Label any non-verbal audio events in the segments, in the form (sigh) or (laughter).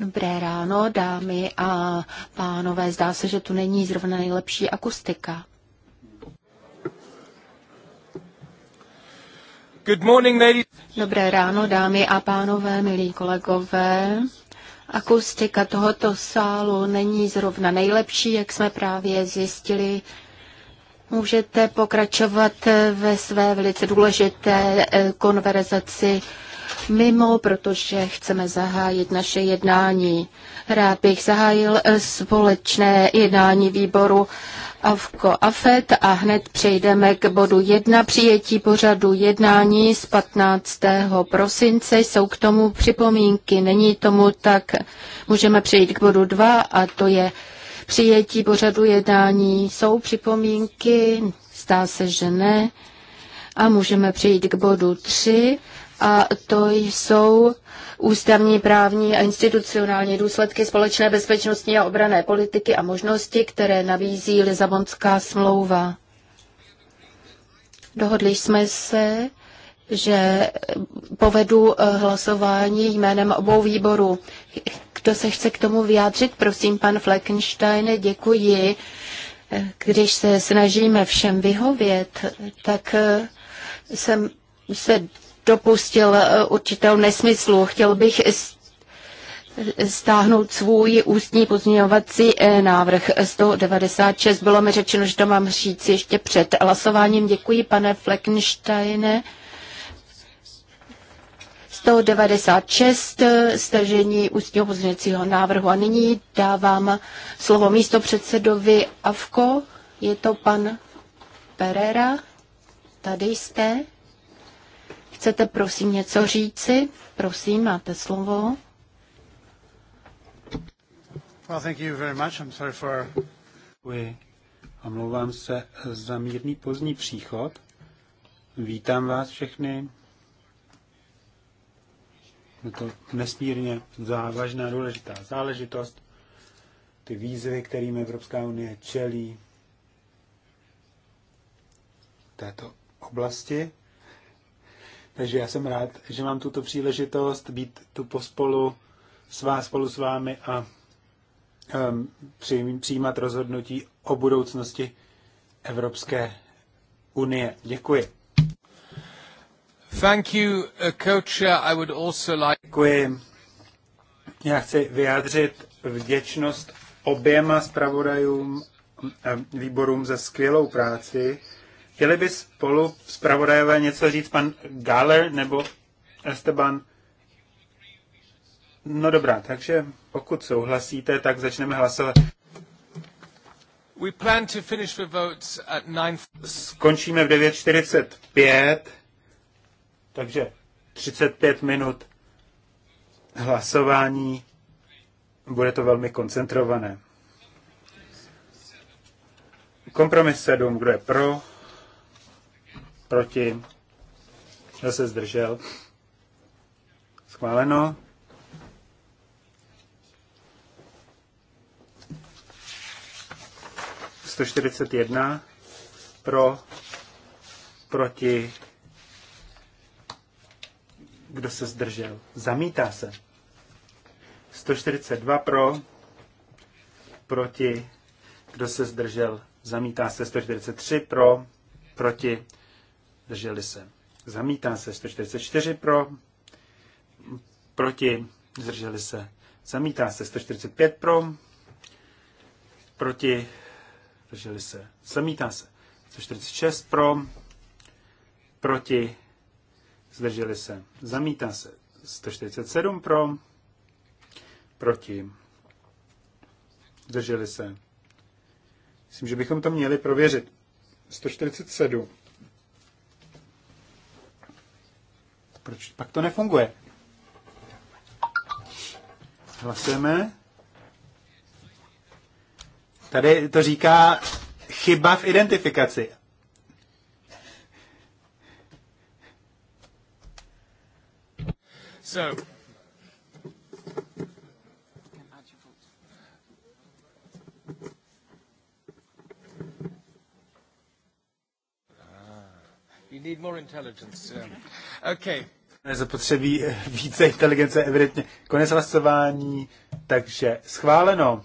Dobré ráno, dámy a pánové. Zdá se, že tu není zrovna nejlepší akustika. Good morning, ladies. Dobré ráno, dámy a pánové, milí kolegové. Akustika tohoto sálu není zrovna nejlepší, jak jsme právě zjistili Můžete pokračovat ve své velice důležité eh, konverzaci mimo, protože chceme zahájit naše jednání. Rád bych zahájil eh, společné jednání výboru Avko Afet a hned přejdeme k bodu 1 přijetí pořadu jednání z 15. prosince. Jsou k tomu připomínky, není tomu tak. Můžeme přejít k bodu 2 a to je přijetí pořadu jednání. Jsou připomínky? Zdá se, že ne. A můžeme přejít k bodu 3 a to jsou ústavní, právní a institucionální důsledky společné bezpečnostní a obrané politiky a možnosti, které nabízí Lizabonská smlouva. Dohodli jsme se, že povedu eh, hlasování jménem obou výborů. Kdo se chce k tomu vyjádřit? Prosím, pan Fleckenstein, děkuji. Když se snažíme všem vyhovět, tak eh, jsem se dopustil eh, určitou nesmyslu. Chtěl bych stáhnout svůj ústní pozměňovací eh, návrh 196. Bylo mi řečeno, že to mám říct ještě před hlasováním. Děkuji, pane Fleckensteine. 196, eh, stažení ústního pozměňovacího návrhu. A nyní dávám slovo místo předsedovi Avko. Je to pan Perera. Tady jste. Chcete prosím něco říci? Prosím, máte slovo. Well, thank you very much. I'm sorry for... we Omlouvám se za mírný pozdní příchod. Vítám vás všechny je to nesmírně závažná, důležitá záležitost. Ty výzvy, kterým Evropská unie čelí této oblasti. Takže já jsem rád, že mám tuto příležitost být tu pospolu s vás, spolu s vámi a um, přijímat rozhodnutí o budoucnosti Evropské unie. Děkuji. Thank you, uh, coach. Uh, I would also like... Děkuji. Já chci vyjádřit vděčnost oběma zpravodajům eh, výborům za skvělou práci. Chtěli by spolu zpravodajové něco říct pan Galer nebo Esteban? No dobrá, takže pokud souhlasíte, tak začneme hlasovat. We plan to finish the votes at 9... Skončíme v 9.45 takže 35 minut hlasování, bude to velmi koncentrované. Kompromis 7, kdo je pro, proti, kdo se zdržel. Schváleno. Sto čtyřicet jedna pro, proti, kdo se zdržel? Zamítá se. 142 pro, proti, kdo se zdržel? Zamítá se. 143 pro, proti, zdrželi se. Zamítá se. 144 pro, proti, zdrželi se. Zamítá se. 145 pro, proti, zdrželi se. Zamítá se. 146 pro, proti, zdrželi se, zamítá se 147 pro, proti, zdrželi se. Myslím, že bychom to měli prověřit. 147. Proč pak to nefunguje? Hlasujeme. Tady to říká chyba v identifikaci. So, ah, You need more intelligence. Um, (laughs) Okay. Nezapotřebí eh, více inteligence, evidentně. Konec hlasování, takže schváleno.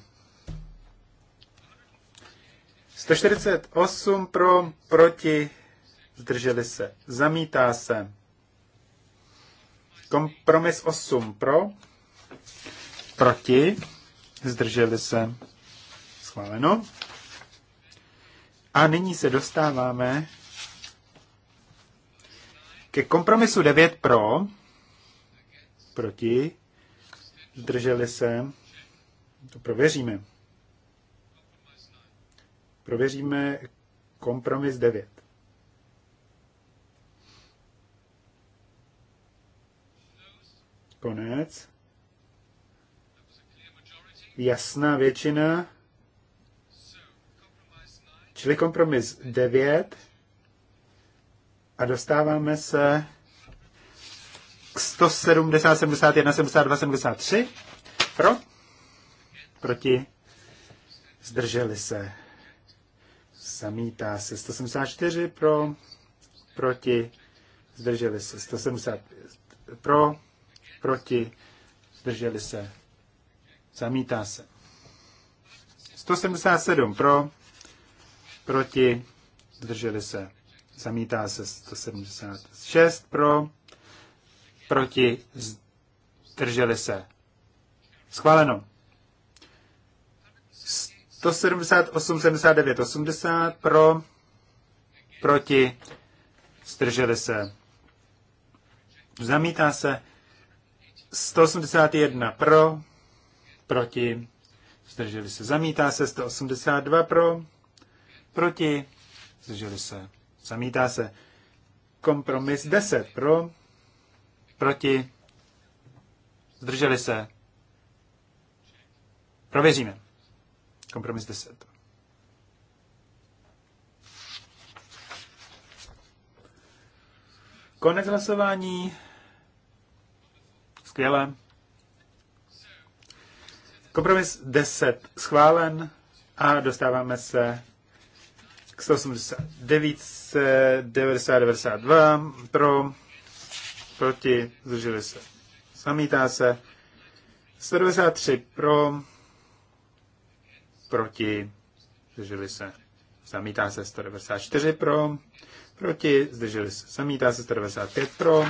148 pro, proti, zdrželi se, zamítá se. Kompromis 8 pro, proti, zdrželi se, schváleno. A nyní se dostáváme ke kompromisu 9 pro, proti, zdrželi se, to prověříme. Prověříme kompromis 9. Konec. Jasná většina. Čili kompromis 9. A dostáváme se k 170, 71, 72, 73. Pro? Proti? Zdrželi se. Zamítá se 174 pro, proti, zdrželi se 170 pro, proti, zdrželi se, zamítá se. 177 pro, proti, zdrželi se, zamítá se 176 pro, proti, zdrželi se. Schváleno. 178, 79, 80 pro, proti, zdrželi se. Zamítá se 181 pro, proti, zdrželi se, zamítá se 182 pro, proti, zdrželi se, zamítá se. Kompromis 10 pro, proti, zdrželi se. Prověříme. Kompromis 10. Konec hlasování. Skvěle. Kompromis 10 schválen a dostáváme se k 189, pro, proti, zdrželi se. Zamítá se. 193 pro, proti, zdrželi se. Zamítá se 194 pro, proti, zdrželi se. Zamítá se 195 pro,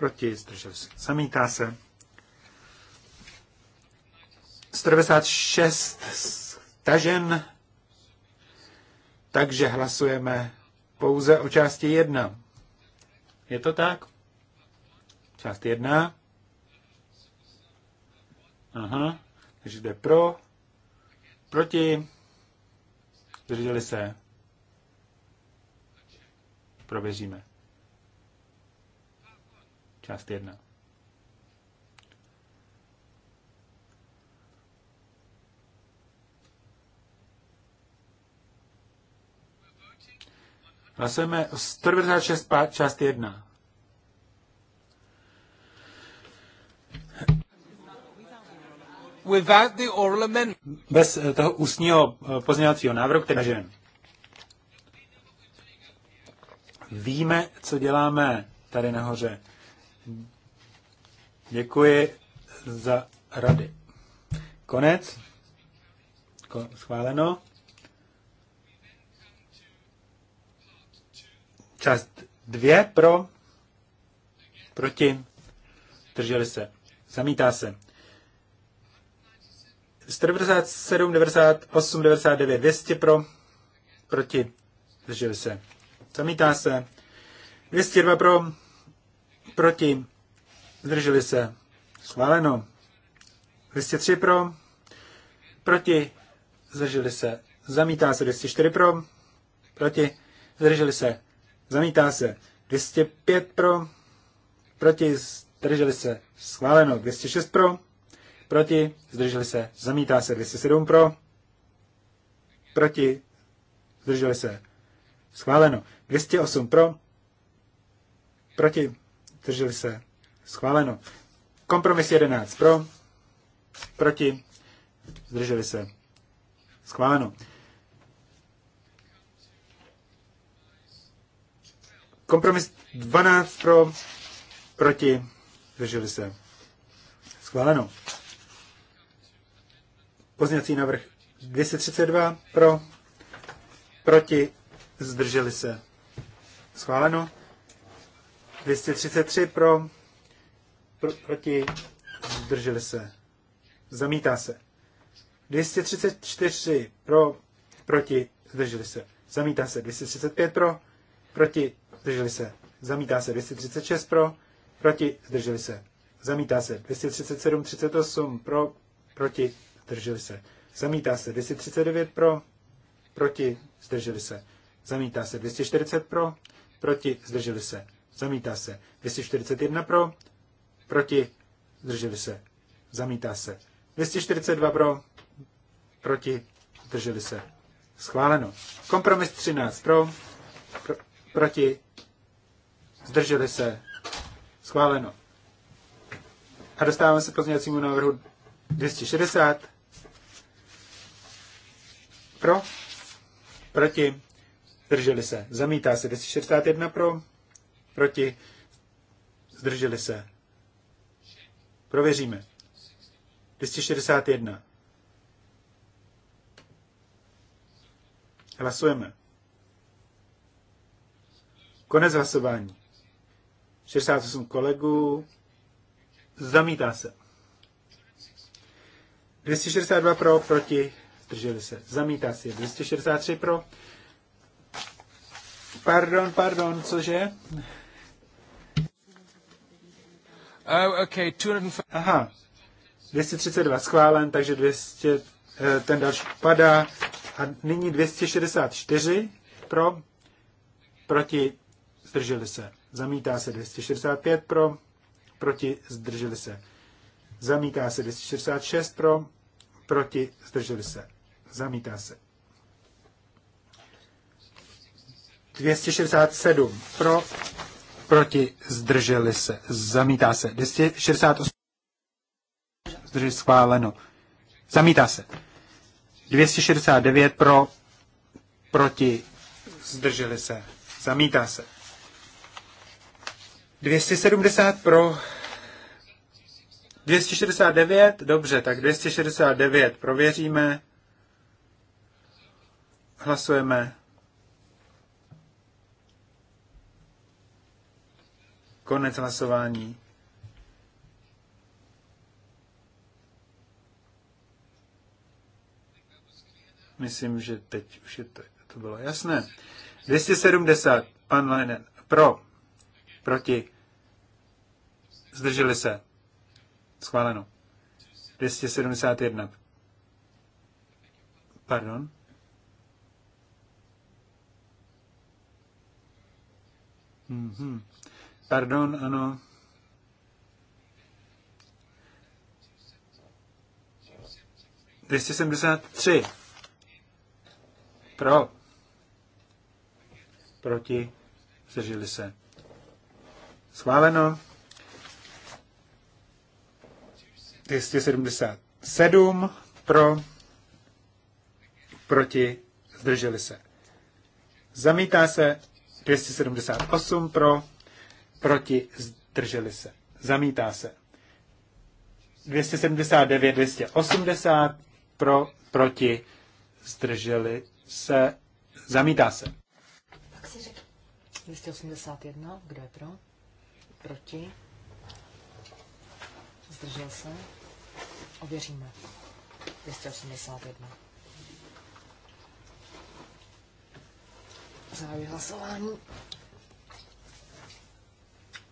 proti, zdržel se, zamítá se. 196 stažen, takže hlasujeme pouze o části 1. Je to tak? Část 1. Aha, takže jde pro, proti, zdrželi se, prověříme. Část jedna. Hlasujeme 196 část 1. Without the oral amendment. Bez eh, toho ústního eh, pozměňovacího návrhu, který nažen. Víme, co děláme tady nahoře. Děkuji za rady. Konec. Schváleno. Část dvě pro, proti, drželi se, zamítá se. 197, 98, 99, 200 pro, proti, drželi se. Zamítá se. 202 pro, proti, zdrželi se, schváleno. 203 pro, proti, zdrželi se, zamítá se 204 pro, proti, zdrželi se, zamítá se 205 pro, proti, zdrželi se, schváleno 206 pro, proti, zdrželi se, zamítá se 207 pro, proti, zdrželi se, schváleno 208 pro, proti, Drželi se. Schváleno. Kompromis 11 pro. Proti. Zdrželi se. Schváleno. Kompromis 12 pro. Proti. Zdrželi se. Schváleno. Pozněcí návrh 232 pro. Proti. Zdrželi se. Schváleno. 233 pro, pro proti, zdrželi se, zamítá se. 234 pro, proti, zdrželi se, zamítá se. 235 pro, proti, zdrželi se, zamítá se. 236 pro, proti, zdrželi se, zamítá se. 237, 38 pro, proti, zdrželi se. Zamítá se 239 pro, proti, zdrželi se. Zamítá se 240 pro, proti, zdrželi se zamítá se. 241 pro, proti, zdrželi se, zamítá se. 242 pro, proti, zdrželi se. Schváleno. Kompromis 13 pro, pro proti, zdrželi se. Schváleno. A dostáváme se k pozměňovacímu návrhu 260. Pro, proti, zdrželi se. Zamítá se 261 pro, Proti? Zdrželi se. Prověříme. 261. Hlasujeme. Konec hlasování. 68 kolegů. Zamítá se. 262 pro, proti, zdrželi se. Zamítá se. 263 pro. Pardon, pardon, cože? Oh, okay, Aha, 232 schválen, takže 200, eh, ten další padá. A nyní 264 pro, proti, zdrželi se. Zamítá se 265 pro, proti, zdrželi se. Zamítá se 266 pro, proti, zdrželi se. Zamítá se. 267 pro, proti, zdrželi se, zamítá se. 268, zdrželi schváleno, zamítá se. 269 pro, proti, zdrželi se, zamítá se. 270 pro, 269, dobře, tak 269 prověříme, hlasujeme. Konec hlasování. Myslím, že teď už je to, to bylo jasné. 270, pan Lenin, pro, proti, zdrželi se, schváleno. 271, pardon, Mm-hmm. Pardon, ano. Dvěstě Pro. Proti. Zdrželi se. Schváleno. 277 pro, proti, zdrželi se. Zamítá se 278 pro, proti, zdrželi se. Zamítá se. 279, 280 pro, proti, zdrželi se. Zamítá se. Tak si řekl. 281, kdo je pro? Proti? Zdržel se? Ověříme. 281. Zahajuji hlasování.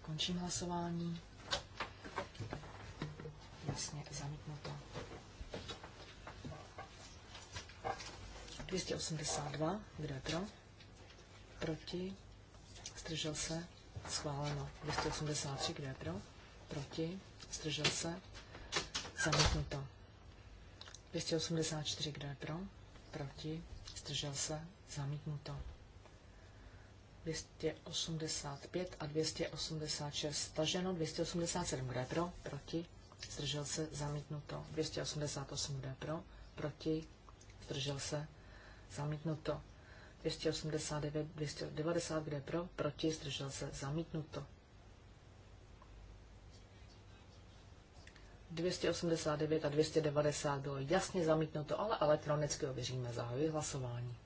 Končím hlasování. Jasně, zamítnuto. 282, kde je pro? Proti? Zdržel se? Schváleno. 283, kde je pro? Proti? Zdržel se? Zamítnuto. 284, kde je pro? Proti? Zdržel se? Zamítnuto. 285 a 286 staženo, 287 kde pro, proti, zdržel se, zamítnuto, 288 kde pro, proti, zdržel se, zamítnuto, 289, 290 kde pro, proti, zdržel se, zamítnuto. 289 a 290 bylo jasně zamítnuto, ale elektronicky ověříme. Zahajuji hlasování.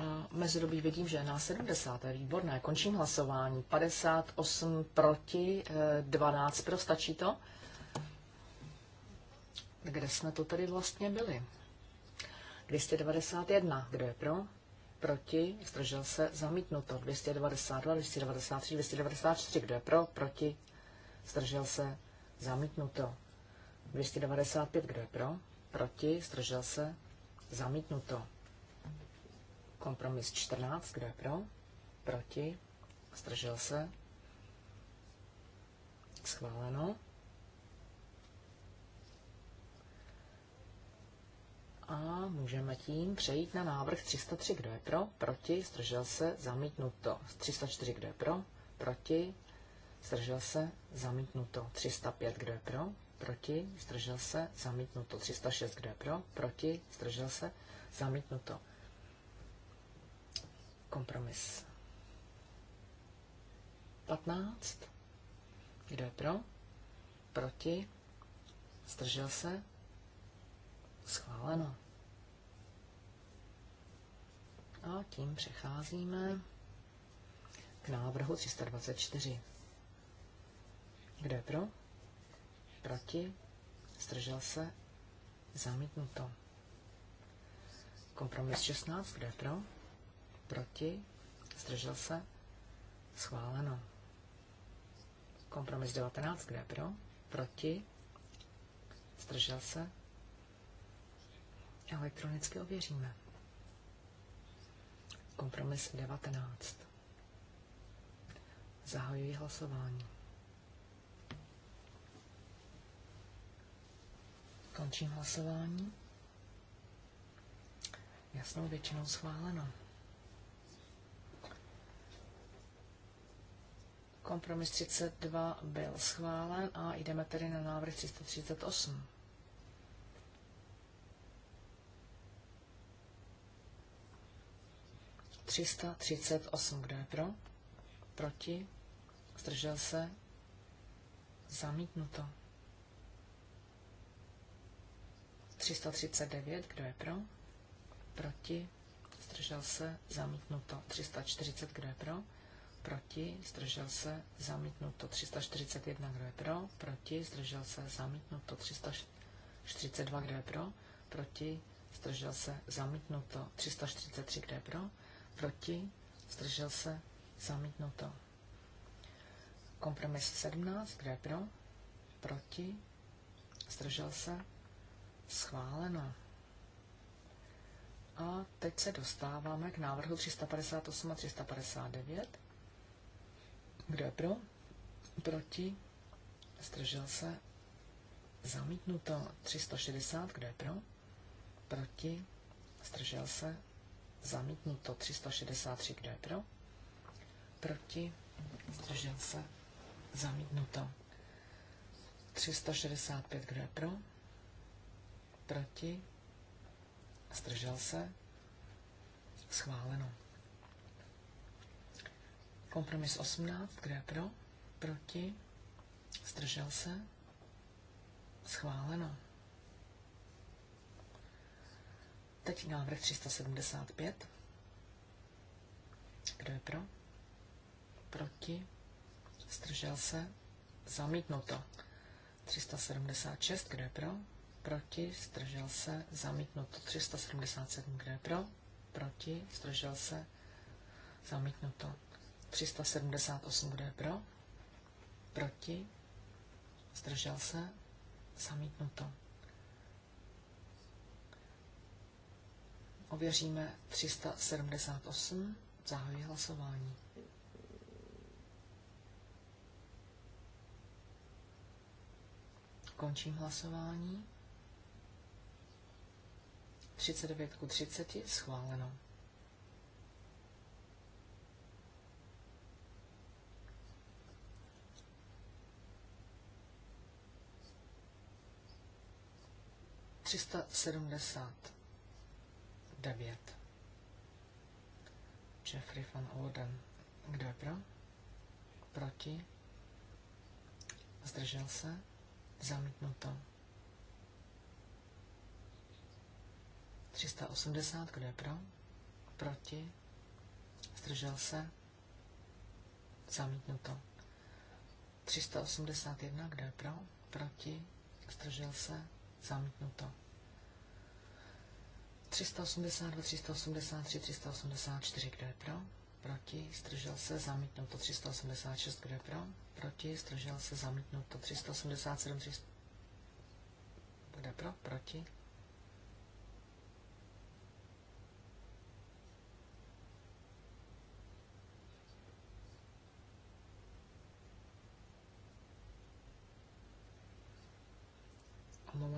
A mezidobí vidím, že je na 70. Výborné. Končím hlasování. 58 proti, 12 eh, pro. Stačí to? Kde jsme to tedy vlastně byli? 291. Kdo je pro? Proti. Zdržel se. Zamítnuto. 292, 293, 294. Kdo je pro? Proti. Zdržel se. Zamítnuto. 295. Kdo je pro? Proti. Zdržel se. Zamítnuto. Kompromis 14, kdo je pro? Proti? Zdržel se? Schváleno. A můžeme tím přejít na návrh 303, kdo je pro? Proti? Zdržel se? Zamítnuto. 304, kdo je pro? Proti? Zdržel se? Zamítnuto. 305, kdo je pro? Proti? Zdržel se? Zamítnuto. 306, kdo je pro? Proti? Zdržel se? Zamítnuto. Kompromis 15. Kdo je pro? Proti? Zdržel se? Schváleno. A tím přecházíme k návrhu 324. Kdo je pro? Proti? Zdržel se? Zamítnuto. Kompromis 16. Kdo je pro? Proti? Zdržel se? Schváleno. Kompromis 19, kde pro? Proti? Zdržel se? Elektronicky ověříme. Kompromis 19. Zahajuji hlasování. Končím hlasování. Jasnou většinou schváleno. Kompromis 32 byl schválen a jdeme tedy na návrh 338. Třista Kdo je pro? Proti? Zdržel se? Zamítnuto. 339. Kdo je pro? Proti? Zdržel se? Zamítnuto. 340. Kdo je pro? proti, zdržel se, zamítnuto 341, kdo je pro, proti, zdržel se, zamítnuto 342, kdo je pro, proti, zdržel se, zamítnuto 343, kdo je pro, proti, zdržel se, zamítnuto. Kompromis 17, kdo je pro, proti, zdržel se, schváleno. A teď se dostáváme k návrhu 358 a 359. Kdo je pro? Proti? Zdržel se? Zamítnuto 360. Kdo je pro? Proti? Zdržel se? Zamítnuto 363. Kdo je pro? Proti? Zdržel se? Zamítnuto 365. Kdo je pro? Proti? Zdržel se? Schváleno. Kompromis 18, kde je pro, proti, zdržel se, schváleno. Teď návrh 375. Kdo je pro? Proti? Zdržel se? Zamítnuto. 376. Kdo je pro? Proti? Zdržel se? Zamítnuto. 377. Kdo je pro? Proti? Zdržel se? Zamítnuto. 378, kdo je pro? Proti? Zdržel se? Zamítnuto. Ověříme 378. Zahajuji hlasování. Končím hlasování. 39 ku 30 schváleno. 379. Jeffrey van Oden. Kdo je pro? Proti? Zdržel se? Zamítnuto. 380. Kdo je pro? Proti? Zdržel se? Zamítnuto. 381. Kdo je pro? Proti? Zdržel se? Zamítnuto. 382, 383, 384, kdo je pro? Proti, zdržel se, zamítnuto 386, kdo je pro? Proti, zdržel se, zamítnuto 387, 300, kdo je pro? Proti,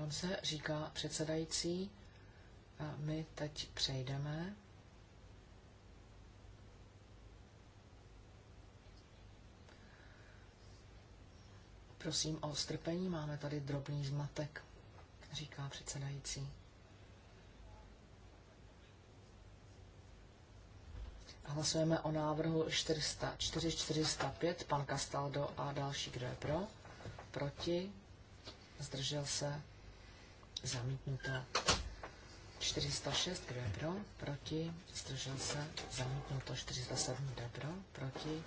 Omlouvám se, říká předsedající. A my teď přejdeme Prosím o strpení, máme tady drobný zmatek, říká předsedající. Hlasujeme o návrhu 4405, pan Castaldo a další, kdo je pro, proti, zdržel se, Zamítnuto. 406, kdo je pro? Proti. Zdržel se. Zamítnuto. 407, kdo je pro? Proti.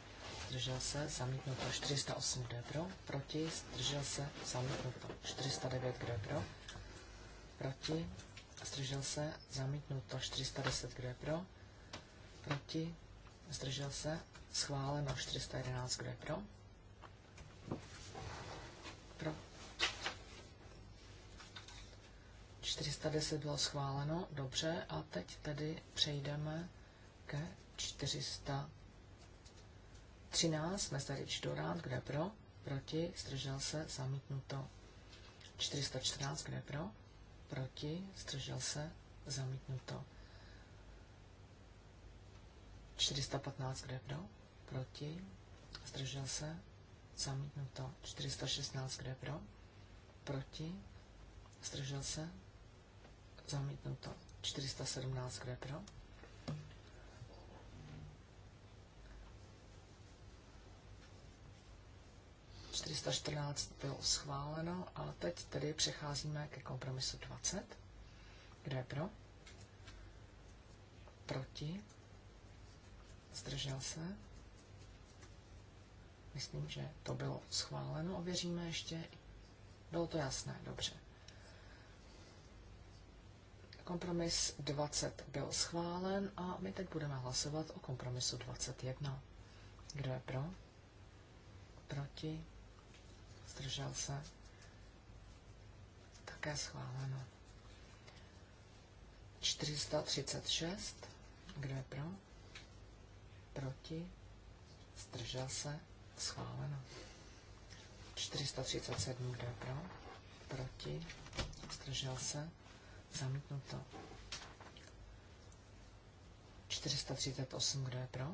Zdržel se. Zamítnuto. 408, kdo je pro? Proti. Zdržel se. Zamítnuto. 409, kdo je pro? Proti. Zdržel se. Zamítnuto. 410, kdo je pro? Proti. Zdržel se. Schváleno. 411, kdo je pro? 410 bylo schváleno, dobře, a teď tedy přejdeme ke 413, Mesarič Dorán, kde pro, proti, zdržel se, zamítnuto. 414, kde pro, proti, zdržel se, zamítnuto. 415, kde pro, proti, zdržel se, zamítnuto. 416, kde pro, proti, zdržel se, Zamítnuto. 417, kdo je pro? ...414 bylo schváleno, ale teď tedy přecházíme ke kompromisu 20. Kdo je pro? Proti? Zdržel se? Myslím, že to bylo schváleno, ověříme ještě. Bylo to jasné, dobře. Kompromis 20 byl schválen a my teď budeme hlasovat o kompromisu 21. Kdo je pro? Proti? Zdržel se? Také schváleno. 436. Kdo je pro? Proti? Zdržel se? Schváleno. 437. Kdo je pro? Proti? Zdržel se? Zamítnuto. 438, kdo je pro?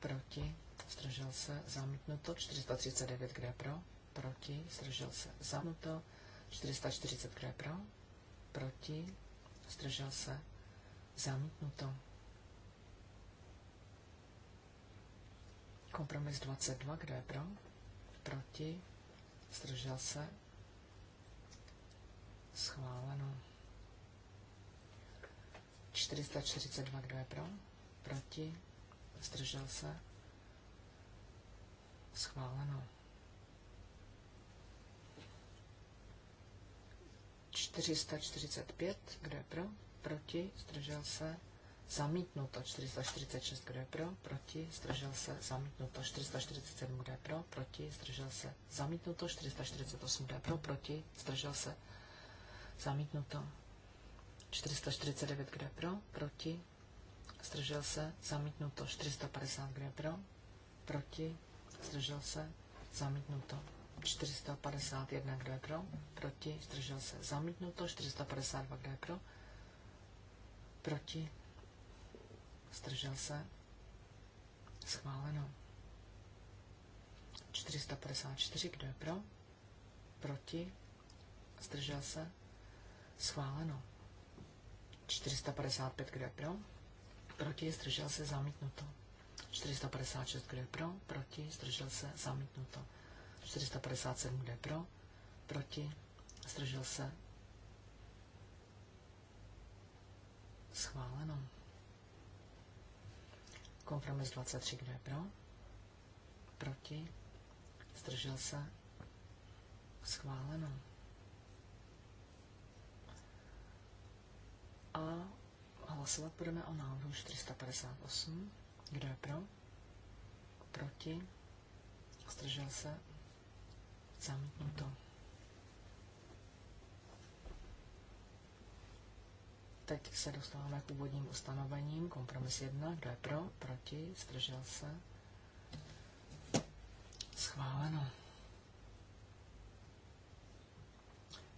Proti. Zdržel se. Zamítnuto. 439, kdo je pro? Proti. Zdržel se. Zamítnuto. 440, kdo je pro? Proti. Zdržel se. Zamítnuto. Kompromis 22, kdo je pro? Proti. Zdržel se. Schváleno. 442, kdo je pro? Proti? Zdržel se? Schváleno. 445, kdo je pro? Proti? Zdržel se? Zamítnuto 446, kdo je pro, proti, zdržel se, zamítnuto 447, kdo je pro, proti, zdržel se, zamítnuto 448, kdo je pro, proti, zdržel se, zamítnuto 449, kdo pro, proti, zdržel se, zamítnuto. 450, kde pro, proti, zdržel se, zamítnuto. 451, kde pro, proti, zdržel se, zamítnuto. 452, kde pro, proti, zdržel se, schváleno. 454, kde pro, proti, zdržel se, schváleno. 455, kdo je pro? Proti, zdržel se, zamítnuto. 456, kdo je pro? Proti, zdržel se, zamítnuto. 457, kdo je pro? Proti, zdržel se, schváleno. Kompromis 23, kdo je pro? Proti, zdržel se, schváleno. a hlasovat budeme o návrhu 458. Kdo je pro? Proti? Zdržel se? Zamítnuto. Teď se dostáváme k úvodním ustanovením. Kompromis 1. Kdo je pro? Proti? Zdržel se? Schváleno.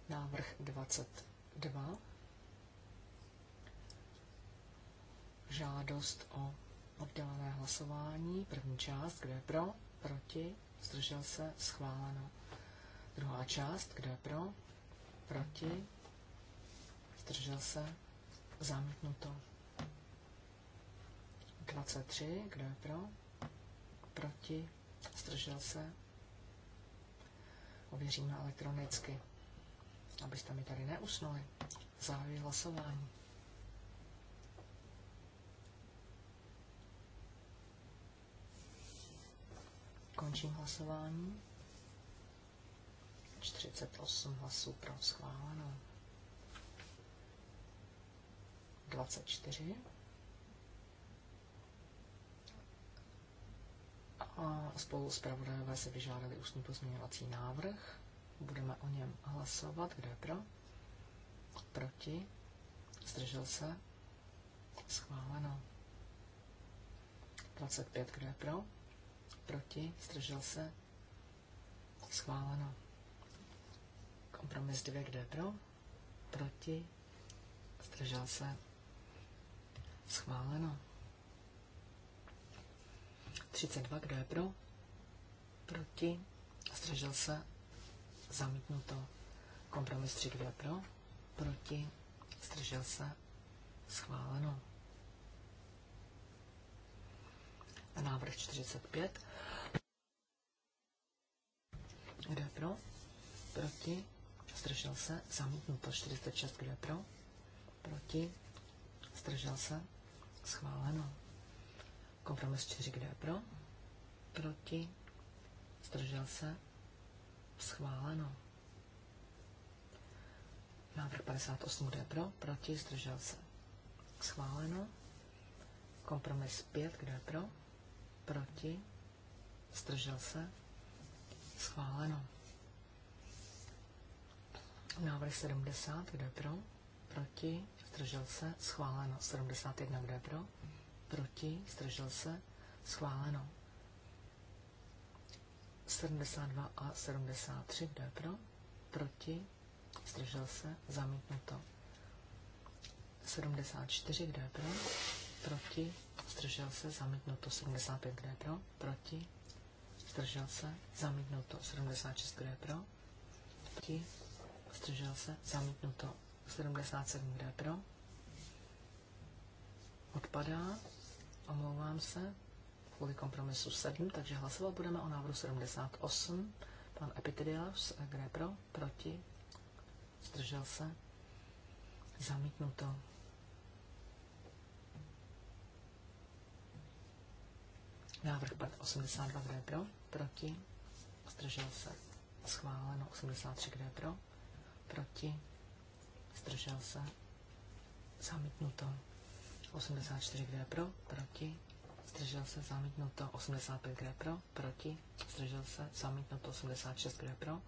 Návrh 22. žádost o oddělené hlasování. První část, kdo je pro, proti, zdržel se, schváleno. Druhá část, kdo je pro, proti, zdržel se, zamítnuto. 23, kdo je pro, proti, zdržel se, ověříme elektronicky, abyste mi tady neusnuli. Zahajuji hlasování. Končím hlasování. 48 hlasů pro schváleno. 24. A spolu s pravodajové se vyžádali ústní pozměňovací návrh. Budeme o něm hlasovat. Kdo je pro? Proti? Zdržel se? Schváleno. 25. Kdo je pro? proti, zdržel se, schváleno. Kompromis 2, kdo je pro, proti, zdržel se, schváleno. 32, kdo je pro, proti, zdržel se, zamítnuto. Kompromis 3, kdo je pro, proti, zdržel se, schváleno. Návrh 45. Kdo je pro? Proti? Zdržel se? Zamítnuto 46. Kdo je pro? Proti? Zdržel se? Schváleno. Kompromis 4. Kdo je pro? Proti? Zdržel se? Schváleno. Návrh 58. Kdo je pro? Proti? Zdržel se? Schváleno. Kompromis 5. Kdo je pro? Proti? Zdržel se? Schváleno. Návrh 70, kdo je pro? Proti? Zdržel se? Schváleno. 71, kdo je pro? Proti? Zdržel se? Schváleno. 72 a 73, kdo je pro? Proti? Zdržel se? Zamítnuto. 74, kdo je pro? Proti? zdržel se, zamítnuto 75, kdo je pro, proti, zdržel se, zamítnuto 76, kdo je pro, proti, zdržel se, zamítnuto 77, kdo je pro, odpadá, omlouvám se, kvůli kompromisu 7, takže hlasovat budeme o návrhu 78. Pan Epitidios, kde pro, proti, zdržel se, zamítnuto Návrh 82, kde je pro? Proti? Zdržel se. Schváleno 83, kde je pro? Proti? Zdržel se. Zamítnuto. 84, kde je pro? Proti? Zdržel se. Zamítnuto. 85, kde je pro? Proti? Zdržel se. Zamítnuto. 86, kde je pro?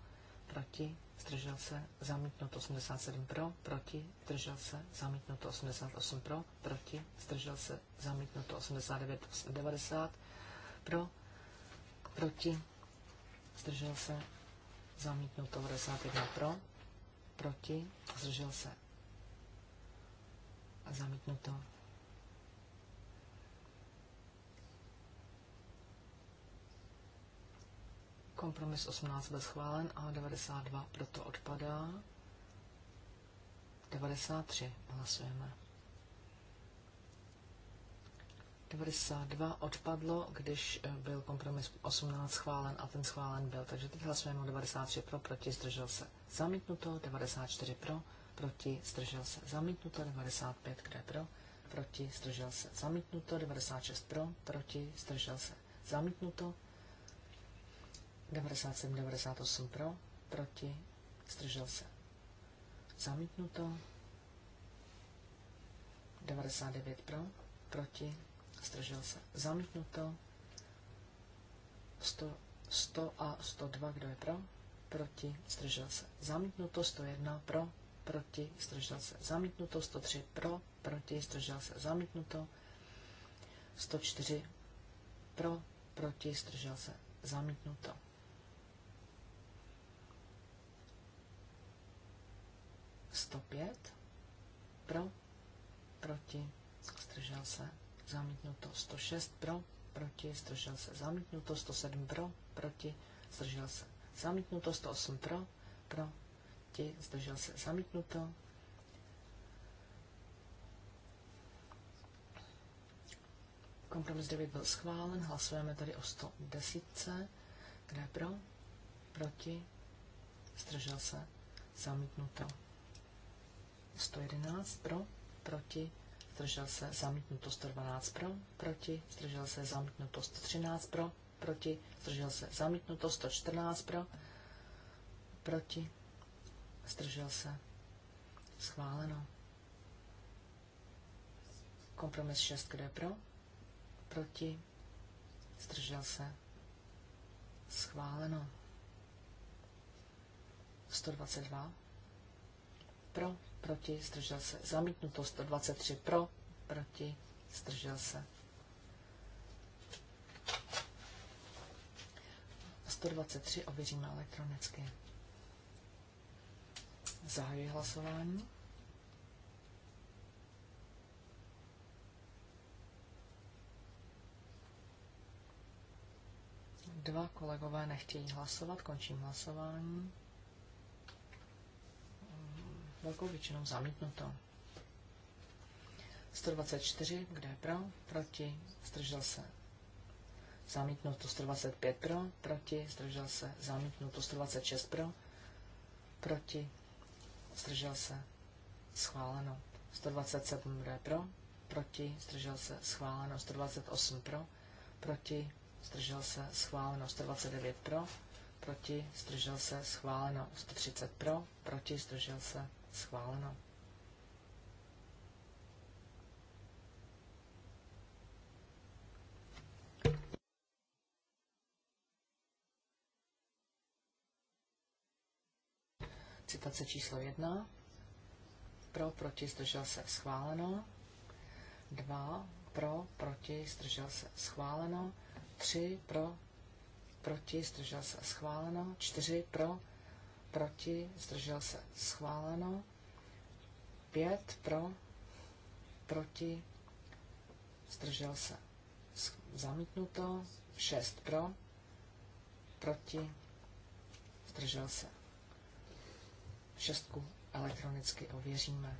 Proti? Zdržel se. Zamítnuto. 87 pro? Proti? Zdržel se. Zamítnuto. 88 pro? Proti? Zdržel se. Zamítnuto. 89, 90 pro, proti, zdržel se, zamítnuto 91 pro, proti, zdržel se, zamítnuto Kompromis 18 byl schválen a 92 proto odpadá. 93 hlasujeme. 92 odpadlo, když eh, byl kompromis 18 schválen a ten schválen byl. Takže teď hlasujeme 93 pro, proti, zdržel se. Zamítnuto, 94 pro, proti, zdržel se. Zamítnuto, 95 kde pro, proti, zdržel se. Zamítnuto, 96 pro, proti, zdržel se. Zamítnuto, 97, 98 pro, proti, zdržel se. Zamítnuto, 99 pro, proti, zdržel se zamítnuto. 100, 100 a 102, kdo je pro, proti, zdržel se zamítnuto. 101 pro, proti, zdržel se zamítnuto. 103 pro, proti, zdržel se zamítnuto. 104 pro, proti, zdržel se zamítnuto. Sto pět pro, proti, zdržel se zamítnuto 106 pro, proti, zdržel se, zamítnuto 107 pro, proti, zdržel se, zamítnuto 108 pro, pro. ti, zdržel se, zamítnuto. Kompromis 9 byl schválen, hlasujeme tady o 110, kde pro, proti, zdržel se, zamítnuto. 111 pro, proti, zdržel se, zamítnuto 112 pro, proti, zdržel se, zamítnuto 113 pro, proti, zdržel se, zamítnuto 114 pro, proti, zdržel se, schváleno. Kompromis 6, kde pro, proti, zdržel se, schváleno. 122 pro, proti, zdržel se. Zamítnuto 123 pro, proti, zdržel se. 123 ověříme elektronicky. Zahajuji hlasování. Dva kolegové nechtějí hlasovat, končím hlasování velkou většinou zamítnuto. 124, kde je pro, proti, zdržel se. Zamítnuto 125 pro, proti, zdržel se. Zamítnuto 126 pro, proti, zdržel se. Schváleno. 127 kde je pro, proti, zdržel se. Schváleno. 128 pro, proti, zdržel se. Schváleno. 129 pro, proti, zdržel se. Schváleno. 130 pro, proti, zdržel se Schváleno. Citace číslo jedna. Pro, proti, zdržel se, schváleno. Dva, pro, proti, zdržel se, schváleno. Tři, pro, proti, zdržel se, schváleno. Čtyři, pro, proti, zdržel se, schváleno. Pět pro, proti, zdržel se, zamítnuto. Šest pro, proti, zdržel se. Šestku elektronicky ověříme.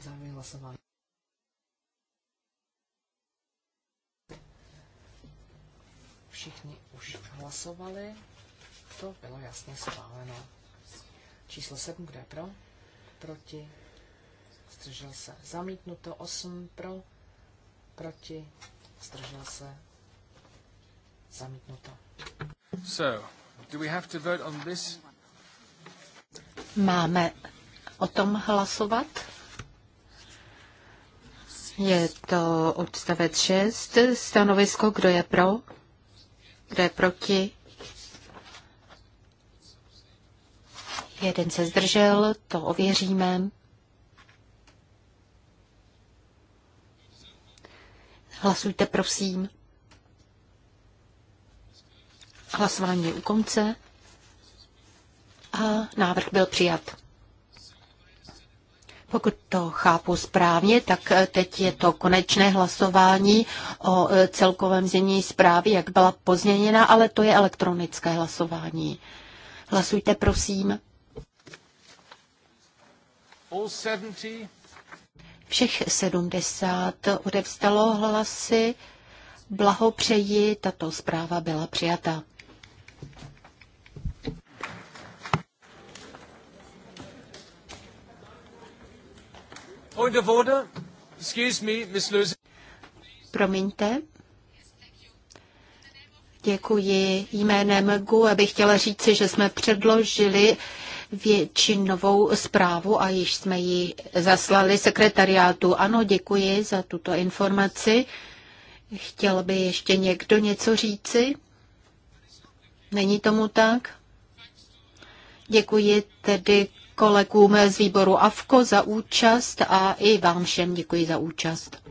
Závěr hlasování. Všichni už hlasovali to bylo jasně schváleno. Číslo 7, kde pro? Proti. Zdržel se. Zamítnuto 8 pro. Proti. Zdržel se. Zamítnuto. So, do we have to vote on this? Máme o tom hlasovat? Je to odstavec 6. Stanovisko, kdo je pro, kdo je proti, Jeden se zdržel, to ověříme. Hlasujte, prosím. Hlasování je u konce a návrh byl přijat. Pokud to chápu správně, tak eh, teď je to konečné hlasování o eh, celkovém znění zprávy, jak byla pozměněna, ale to je elektronické hlasování. Hlasujte, prosím. Všech 70 odevzdalo hlasy. Blahopřeji, tato zpráva byla přijata. Excuse Promiňte. Děkuji. Jménem GU Abych chtěla říci, že jsme předložili většinovou zprávu a již jsme ji zaslali sekretariátu. Ano, děkuji za tuto informaci. Chtěl by ještě někdo něco říci? Není tomu tak? Děkuji tedy kolegům z výboru AFKO za účast a i vám všem děkuji za účast.